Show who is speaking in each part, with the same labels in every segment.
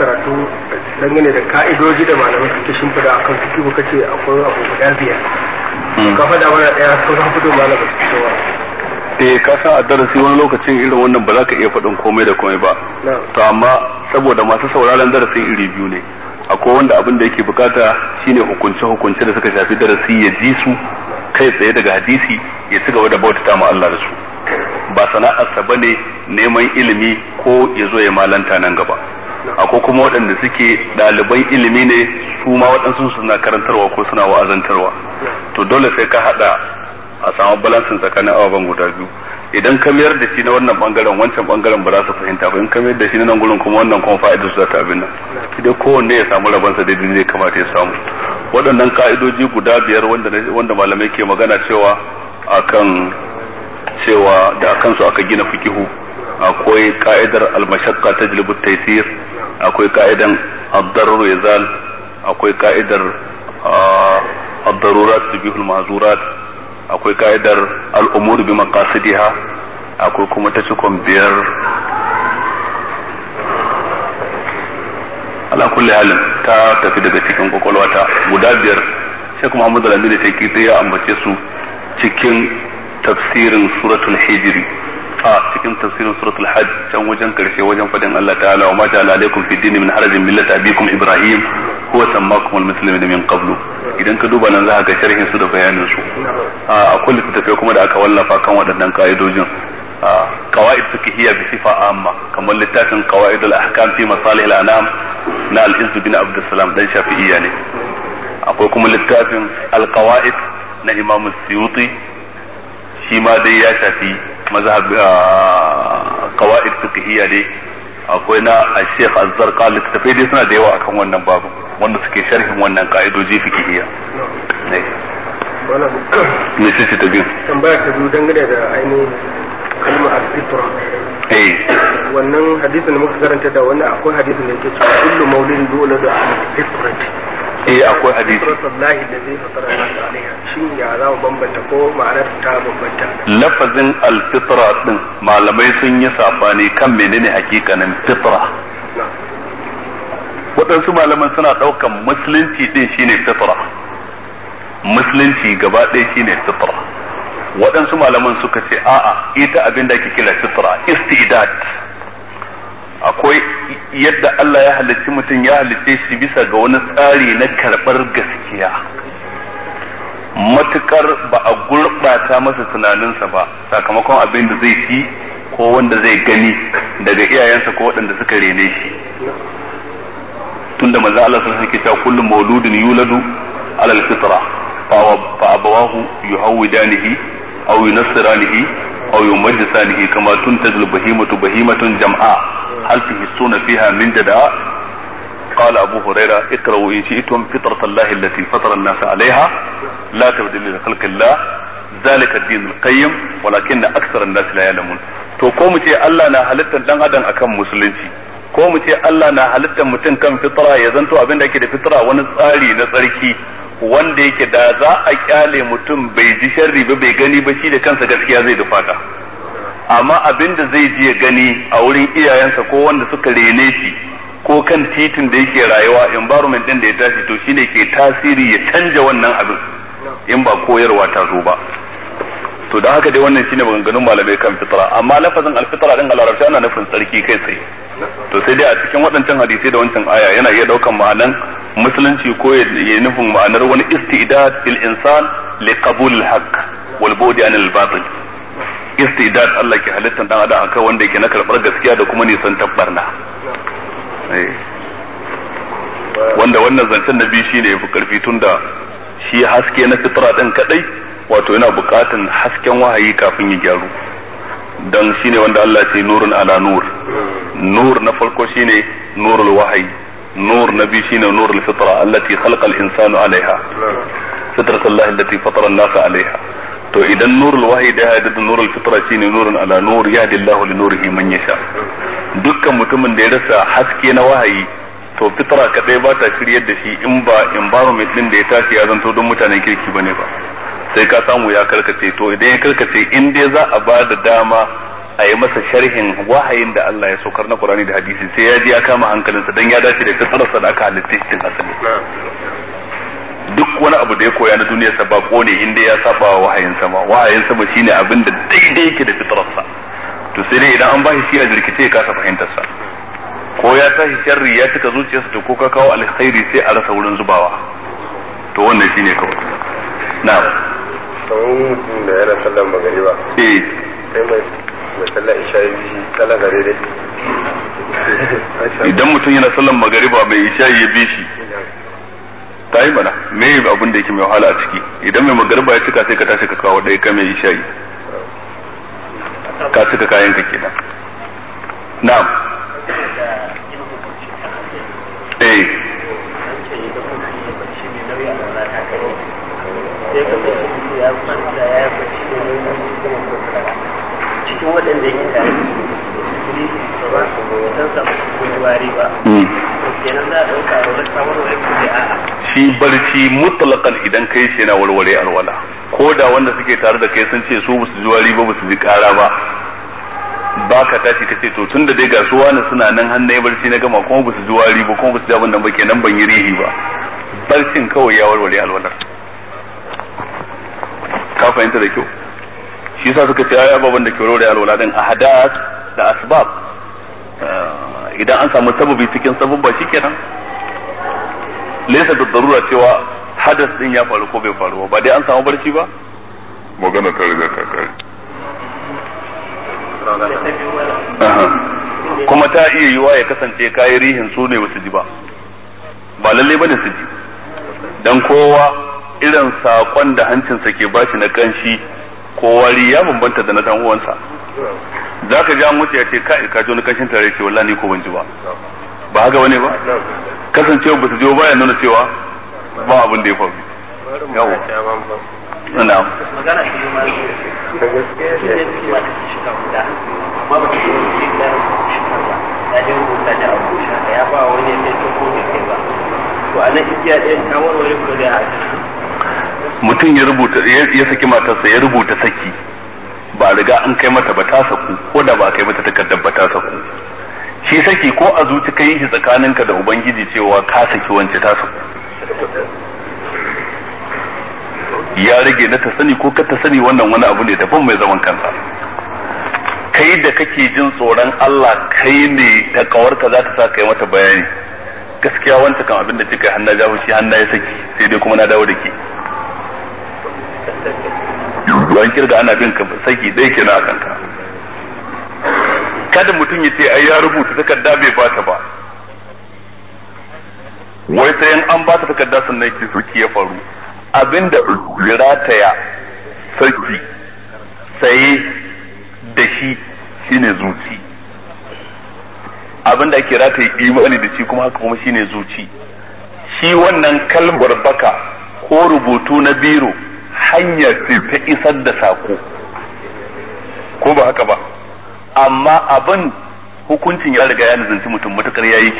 Speaker 1: karatu dangane da ka'idoji da malamai suke shimfida akan fikihu kace akwai abu guda biyar hmm. ka faɗa mana ɗaya ko ka fito malamin cewa
Speaker 2: eh ka sa a darasi wani lokacin irin wannan ba za ka iya faɗin komai da komai ba to amma saboda masu sauraron darasin iri biyu ne akwai wanda abin da yake bukata shine hukunce hukunce da suka shafi darasi ya ji su kai tsaye daga hadisi ya ci gaba da bautata ma Allah da su ba sana'arsa bane neman ilimi ko ya zo ya malanta nan gaba akwai kuma waɗanda suke ɗaliban ilimi ne su ma waɗansu suna karantarwa ko suna wa'azantarwa to dole sai ka haɗa a samu balansin tsakanin ababen guda biyu idan ka mayar da shi na wannan bangaren wancan bangaren ba za su fahimta ba in ka mayar da shi na nan gurin kuma wannan kuma fa'ida su za ta abin nan idan kowanne ya samu rabansa daidai ne kamata ya samu waɗannan ka'idoji guda biyar wanda malamai ke magana cewa akan cewa da kansu aka gina fikihu akwai ka'idar almashakka ta jilbu taisir akwai ka'idan ad-darru akwai ka'idar ad-darurat tubihul mahzurat akwai ka'idar al-umur bi maqasidiha akwai kuma ta cikon biyar ala kulli halin ta tafi daga cikin kwakwalwata guda biyar Sheikh Muhammad al da da take ya ambace su cikin tafsirin suratul hijri a cikin tafsirin suratul hajj can wajen karshe wajen fadin Allah ta'ala wa ma ja'ala alaikum fi dini min harajin millata abikum ibrahim huwa sammakum almuslimin min qablu idan ka duba nan za ka ga sharhin su da bayanin su a akwai littattafai kuma da aka wallafa kan waɗannan ka'idojin قواعد فقهية بصفة عامة كما لتاتن قواعد الأحكام في مصالح الأنام نا الإز بن عبد السلام دان شافعي يعني أقول كما لتاتن القواعد نا إمام السيوطي شي ما dai ya shafi. mazhab uh, qawaid fiqhiyya ne akwai na uh, Sheikh Az-Zarqa littafai dai suna da yawa akan wannan babu wanda suke sharhin wannan ka'idoji fiqhiyya ne ne shi ta biyu
Speaker 1: tambaya ta biyu dangane da ainihin kalmar al-fitra eh wannan hadisin da muka karanta da wannan akwai hadisin da yake cewa kullu maulidin dole da al fitra eh akwai hadisi rasulullahi da zai fatara alaiha shin ya za mu bambanta ko ma'anar ta bambanta
Speaker 2: lafazin alfitra din malamai sun yi sabani kan menene hakikanin fitra waɗansu malaman suna ɗaukan musulunci ɗin shine fitra musulunci gaba ɗaya shine fitra waɗansu malaman suka ce a'a ita abin da ake kira fitra istidad akwai yadda Allah ya halicci mutum ya halicce shi bisa ga wani tsari na karɓar gaskiya matukar ba a gurɓata masa tunaninsa ba sakamakon abin da zai fi ko wanda zai gani daga iyayensa ko waɗanda suka rene shi tunda manzo Allah sun sake cewa kullum mauludin yuladu alal fitra fa abawahu yuhawidanihi aw yunassiranihi aw yumajjisanihi kama tuntajul bahimatu bahimatun jam'a هل تهسون فيها من جدعاء قال أبو هريرة اقرأوا إن شئتم فطرة الله التي فطر الناس عليها لا تبديل لخلق الله ذلك الدين القيم ولكن أكثر الناس لا يعلمون to ko mu ce Allah na halittar dan adam akan musulunci ko mu ce Allah na halittar mutum kan fitra ya zanto abin da yake da fitra wani tsari na tsarki wanda yake da za a kyale mutum bai ji sharri ba bai gani ba shi da kansa gaskiya zai dufata amma abin da zai je gani a wurin iyayensa ko wanda suka rene shi ko kan titin da yake rayuwa environment din da ya tashi to shine ke tasiri ya canja wannan abin in ba koyarwa ta zo ba to da haka dai wannan shine maganganun malamai kan fitra amma lafazin alfitra din a ana nufin sarki kai tsaye to sai dai a cikin waɗancan hadisai da wancan aya yana iya daukan ma'anan musulunci ko ya nufin ma'anar wani istidad lil insan li qabul al haqq wal budi anil batil istidad Allah ke halittar dan adam akan wanda yake na karbar gaskiya da kuma nisan tabbarna eh. wanda wannan zancen na biyu shine yafi karfi tunda shi haske na fitra din kadai wato yana bukatan hasken wahayi kafin ya gyaru dan shine wanda Allah ce nurun ala nur nur na farko shine nurul wahayi nur na bi shine nurul fitra allati khalaqa al-insanu alaiha fitratullahi allati fatara an-nasa alaiha to idan nurul wahyi da ya da nurul fitra shine nurun ala nur ya dillahu li nurihi man yasha dukkan mutumin da ya rasa haske na wahayi to fitra kadai ba ta shiryar da shi in ba environment din da ya tashi ya zanto don mutanen kirki bane ba sai ka samu ya karkace to idan ya karkace in dai za a ba da dama a yi masa sharhin wahayin da Allah ya saukar na Qur'ani da hadisi sai ya ji ya kama hankalinsa dan ya dace da fitrarsa da aka halitta cikin asali duk wani abu da ya koya na duniya sa bako ne inda ya saba wa wahayin sama wahayin sama shine abin da daidai yake da fitrarsa to sai dai idan an ba shi a jirkice ya kasa fahimtar sa ko ya tashi sharri ya cika zuciyarsa to ko ka kawo alkhairi sai a rasa wurin zubawa to wannan shine kawai na'am
Speaker 1: kamar mutum da yana sallan magariba eh sai mai sallan isha yi sallan gare dai
Speaker 2: idan mutum yana sallan magariba mai isha ya bi shi ta yi mana me abin da yake mai wahala a ciki idan mai magarba ya cika sai ka tashi ka kawo ɗaya ka yi shayi ka cika kayan ka kenan na'am eh
Speaker 1: cikin waɗanda yake tare ba su ba ba za ya
Speaker 2: fi barci mutlaqan idan kai shi na warware alwala ko da wanda suke tare da kai sun ce su basu ji wari ba basu ji kara ba ba ka tashi ka ce to tun da dai ga su wani suna nan hannu ya barci na gama kuma basu ji wari ba kuma basu ji abin da ba kenan ban yi rihi ba barcin kawai ya warware alwalar ka fahimta da kyau shi sa suka ce ai ababen da ke warware alwala din hadas da asbab idan an samu sababi cikin shi shikenan lesa da darura cewa hadas din ya faru ko bai faru ba ba dai an samu barci ba magana ta riga ta kai kuma ta iya yiwa ya kasance kayi rihin su ne wasu ji ba ba lalle bane su ji dan kowa irin sakon da hancinsa ke bashi na kanshi ko wari ya bambanta da na dan uwansa zaka ji an wuce ya ce kai ka ji wani kanshin tare ce wallahi ni ko ban ji ba ba haka bane ba kasancewa ba su je ba ya nuna cewa ba abin da ya faru
Speaker 1: yawo da
Speaker 2: mutum ya rubuta ya saki matarsa ya rubuta saki ba riga an kai mata ba ta saku ko da ba kai mata takardar ba ta saku shi saki ko a zuci kai shi tsakaninka da ubangiji cewa ka saki wance ta ya rage na ta sani ko ka ta sani wannan wani abu ne daban mai zaman kansa kai da kake jin tsoron Allah kai ne ta kawarka za ta sa kai mata bayani gaskiya wanta kan abin da kika hanna jahu shi hanna ya saki sai dai kuma na dawo da ke don kirga ana bin ka saki dai kenan a kanka kada mutum ya ce ai ya rubuta takarda bai ba ta ba wai sai an ba ta takarda sannan ki soki ya faru abinda rataya sarki saye da shi shine zuci abinda ake rataya imani da shi kuma haka kuma shine zuci shi wannan kalmar baka ko rubutu na biro hanyar ta isar da sako ko ba haka ba amma abin hukuncin ya riga ya nazarci mutum matukar shi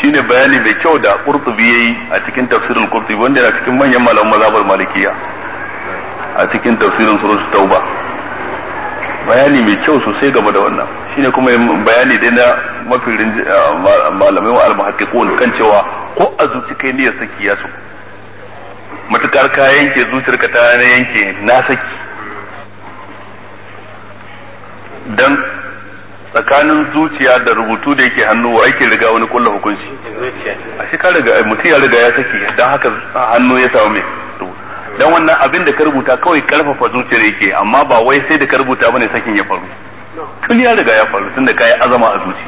Speaker 2: shine bayani mai kyau da ya yi a cikin tafsirin kurtubi wanda yana cikin manyan malamun mazhabar malikiya a cikin tafsirin surah tauba bayani mai kyau sosai game da wannan shine kuma bayani dai na mafirin malamai wa almuhaqqiqun kan cewa ko a zuci kai ya saki ya su matukar ka yanke zuciyarka ta yanke na saki dan tsakanin zuciya da rubutu da yake hannu wa yake riga wani kulla hukunci a shi ka riga mutum ya riga ya saki dan haka hannu ya samu mai dan wannan abin da ka rubuta kawai karfafa zuciyar yake amma ba wai sai da ka rubuta bane sakin ya faru tun ya riga ya faru tunda kai azama a zuci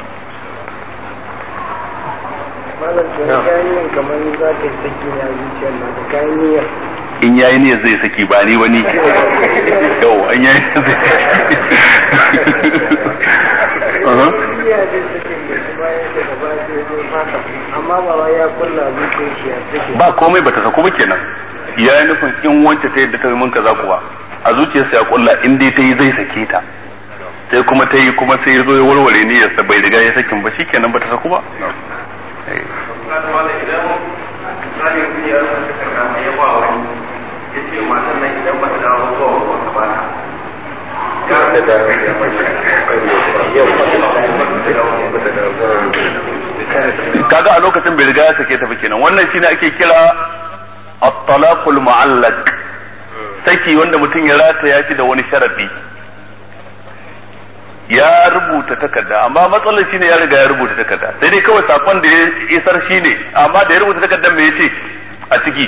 Speaker 1: malam da kayan kamar za yi saki ne a zuciyar na da kayan niyyar
Speaker 2: in yayi ne zai saki ba ni wani yau an yayi zai saki uh-huh. ba komai bata saku ba kenan ya yi nufin in wance ta yadda ta yi minka za kuwa a zuciyarsa ya kulla in dai ta yi zai sake ta sai kuma ta yi kuma sai ya zo ya warware ni ya bai riga ya sakin ba ba bata saku ba eh.
Speaker 1: ya matan nan idan ba ta dawo ba ba ba ta ba ta ya
Speaker 2: da kaga a lokacin bai riga ya sake ta ba kenan wannan shine ake kira at-talaqul mu'allaq saki wanda mutum ya rata ya da wani sharafi ya rubuta takarda amma matsalar shine ya riga ya rubuta takarda sai dai kawai sakon da ya isar shine amma da ya rubuta takardar me yace a ciki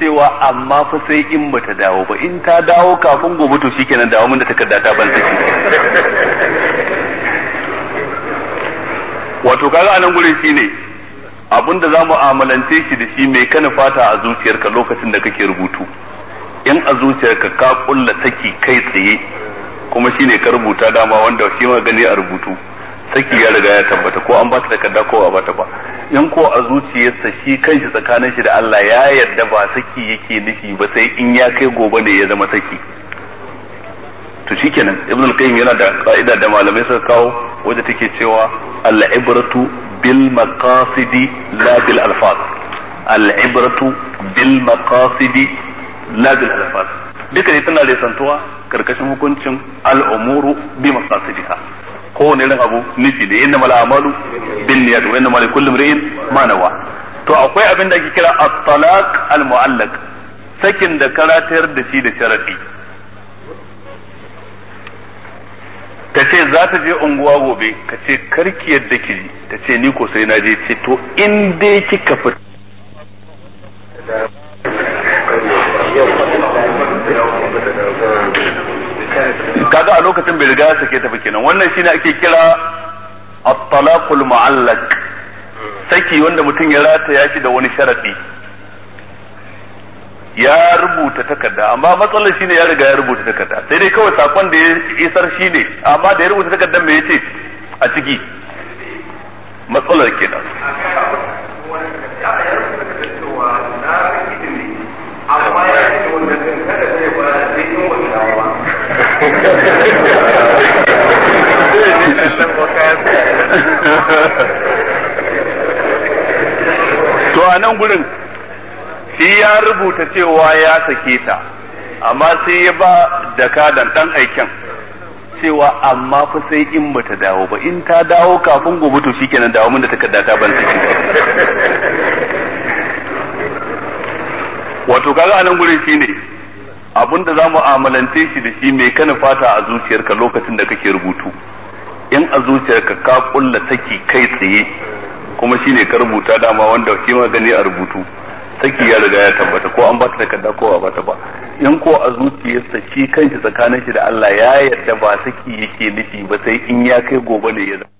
Speaker 2: cewa amma fa sai in bata dawo ba in ta dawo kafin gobe to shikenan dawo mun da takarda ta ban saki wato kaga anan gure shine abin da zamu amalance shi da shi mai kana fata a zuciyarka lokacin da kake rubutu in a zuciyarka ka kulla saki kai tsaye kuma shine ka rubuta dama wanda shi ma gani a rubutu saki ya riga ya tabbata ko an ba ta takarda ko a ba ta ba in ko a zuciyarsa shi kanshi tsakanin shi da Allah ya yarda ba saki yake nufi ba sai in ya kai gobe ne ya zama saki to shikenan ibnu al-qayyim yana da ka'ida da malamai suka kawo wanda take cewa al-ibratu bil maqasidi la bil alfaz al-ibratu bil maqasidi la bil alfaz duka ne tana da santuwa karkashin hukuncin al-umuru bi maqasidiha kowane irin abu nufi da yin mala amalu bin niyyat wa inna mala kullu imrin ma nawa to akwai abin da ake kira at-talaq al-mu'allaq sakin da karatayar da shi da sharadi ta ce za ta je unguwa gobe ka ce karki yadda ki ji ta ce ni ko sai na je ce to in dai kika fita kaga a lokacin bai riga ya sake ta ba kenan wannan shine ake kira at-talaqul mu'allaq saki wanda mutum ya rataya shi da wani sharadi ya rubuta takarda amma matsalar shine ya riga ya rubuta takarda sai dai kawai sakon da ya isar ne amma da ya rubuta takardar me yace a ciki matsalar kenan
Speaker 1: to
Speaker 2: a nan gurin shi ya rubuta cewa ya sake ta amma sai ya ba da kadan dan aiken cewa amma fa sai in bata dawo ba in ta dawo kafin gobe to shikenan dawo min da takarda ta ban ciki wato kaga a nan gurin shine abin da za mu amalance shi da shi mai kana fata a zuciyarka lokacin da kake rubutu in a zuciyarka ka kulla saki kai tsaye kuma shine ka rubuta dama wanda shi ma gani a rubutu saki ya riga ya tabbata ko an bata takarda ko ba ta ba in ko a zuciyarsa shi kanshi tsakanin shi da Allah ya yarda ba saki yake nufi ba sai in ya kai gobe ne ya zama